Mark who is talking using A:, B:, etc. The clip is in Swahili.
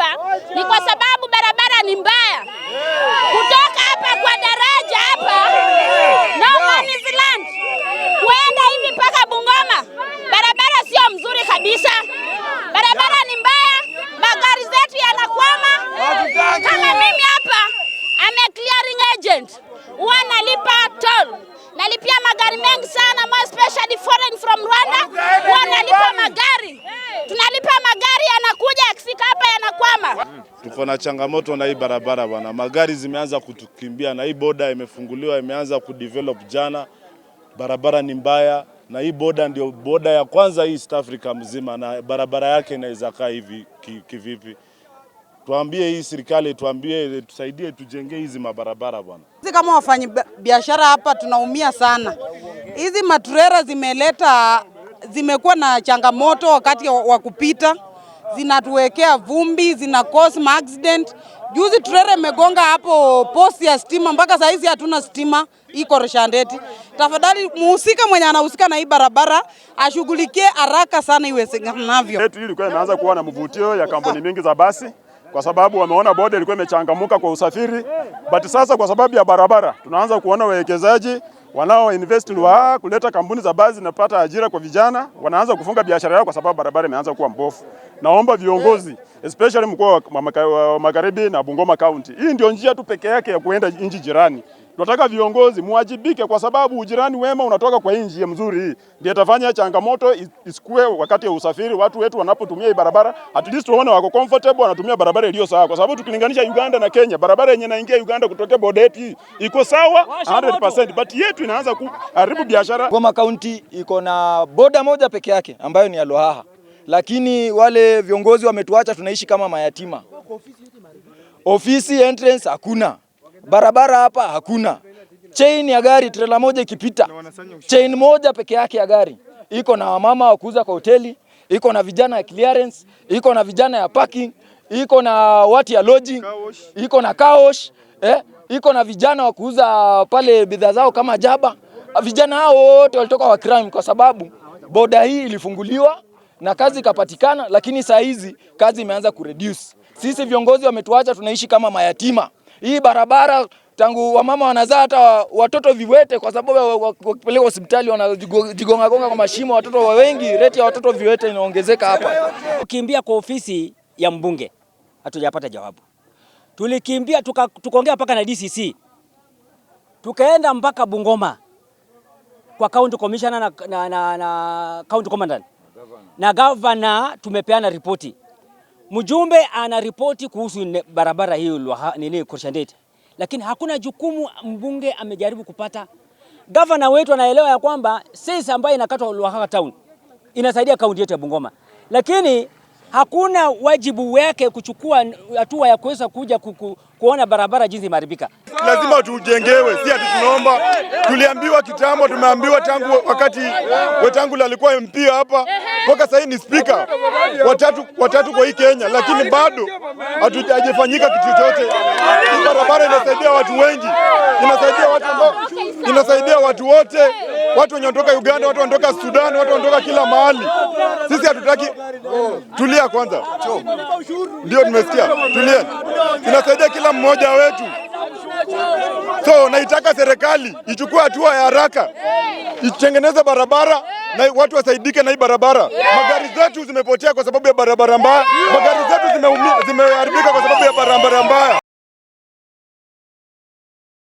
A: hapa ni kwa sababu barabara ni mbaya, kutoka hapa kwa daraja hapa Nomads Land kuenda hivi mpaka Bungoma, barabara sio mzuri kabisa, barabara ni mbaya, magari zetu yanakwama. Kama mimi hapa, ame clearing agent, huwa nalipa toll, nalipia magari mengi sana, more especially foreign from Rwanda, huwa nalipa magari tunalipa magari mama.
B: Tuko na changamoto na hii barabara bwana, magari zimeanza kutukimbia na hii boda imefunguliwa imeanza kudevelop jana. Barabara ni mbaya na hii boda ndio boda ya kwanza hii East Africa mzima, na barabara yake inaweza kaa hivi kivipi? tuambie hii serikali, tuambie tusaidie, tujengee hizi mabarabara bwana.
A: Sisi kama wafanyi biashara hapa tunaumia sana. Hizi maturera zimeleta zimekuwa na changamoto wakati wa kupita zinatuwekea vumbi, zina cause ma accident. Juzi trere megonga hapo posti ya stima, mpaka saa hizi hatuna stima, iko Rishandeti. Tafadhali muhusika mwenye anahusika na hii barabara ashughulikie haraka sana iwezekanavyo.
B: Yetu ilikuwa inaanza kuwa na mvutio ya kampuni mingi za basi kwa sababu wameona boda ilikuwa imechangamuka kwa usafiri, but sasa kwa sababu ya barabara tunaanza kuona wawekezaji wanao invest Luhaa kuleta kampuni za basi zinapata ajira kwa vijana, wanaanza kufunga biashara yao kwa sababu barabara imeanza kuwa mbovu. Naomba viongozi especially mkoa wa Magharibi na Bungoma County, hii ndio njia tu peke yake ya kuenda nchi jirani. Tunataka viongozi muwajibike, kwa sababu ujirani wema unatoka kwa hii njia mzuri hii, ndio itafanya changamoto isikue wakati ya usafiri. Watu wetu wanapotumia hii barabara, at least waone wako comfortable wanatumia barabara iliyo sawa, kwa sababu tukilinganisha Uganda na Kenya, barabara yenye inaingia Uganda kutokea Bodeti iko sawa 100%, but yetu inaanza kuharibu biashara.
C: Kwa makaunti iko na boda moja peke yake ambayo ni ya lakini wale viongozi wametuacha tunaishi kama mayatima. Ofisi entrance hakuna barabara hapa hakuna chain ya gari, trela moja ikipita, chain moja peke yake ya gari iko na wamama wa kuuza kwa hoteli, iko na vijana ya clearance, iko na vijana ya parking, iko na watu ya lodging, iko na kaosh eh, iko na vijana wa kuuza pale bidhaa zao kama jaba. Vijana hao wote walitoka wa crime kwa sababu boda hii ilifunguliwa na kazi ikapatikana, lakini saa hizi kazi imeanza kureduce. Sisi viongozi wametuacha tunaishi kama mayatima. Hii barabara tangu wamama wanazaa hata watoto viwete, kwa sababu wakipeleka hospitali wanajigongagonga kwa mashimo. Watoto wa wengi, reti ya watoto viwete inaongezeka hapa.
D: Tukimbia kwa ofisi ya mbunge hatujapata jawabu. Tulikimbia tukaongea mpaka na DCC, tukaenda mpaka Bungoma kwa county commissioner na, na, na, na county commandant na governor, tumepeana ripoti. Mjumbe ana ripoti kuhusu barabara hiyo nini Kurshandete, lakini hakuna jukumu mbunge amejaribu kupata. Gavana wetu anaelewa ya kwamba sisi ambayo inakatwa Lwakaka town inasaidia kaunti yetu ya Bungoma, lakini hakuna wajibu wake kuchukua hatua ya kuweza kuja kuku, kuona barabara jinsi imeharibika.
B: Lazima tujengewe, si ati tunaomba. Tuliambiwa kitambo, tumeambiwa tangu wakati Wetangula alikuwa MP hapa mpaka sasa ni spika watatu, watatu kwa hii Kenya, lakini bado hatujafanyika kitu chochote. Hii barabara inasaidia watu wengi, inasaidia watu, inasaidia watu wote watu wenye wanatoka Uganda, watu wanatoka Sudan, watu wanatoka kila mahali. Sisi hatutaki. Tulia kwanza, ndio tumesikia. Tulia, tunasaidia kila mmoja wetu. So naitaka serikali ichukue hatua ya haraka, itengeneze barabara na watu wasaidike na hii barabara Magari zetu zimepotea kwa sababu ya barabara mbaya Magari zetu zimeharibika kwa sababu ya barabara mbaya.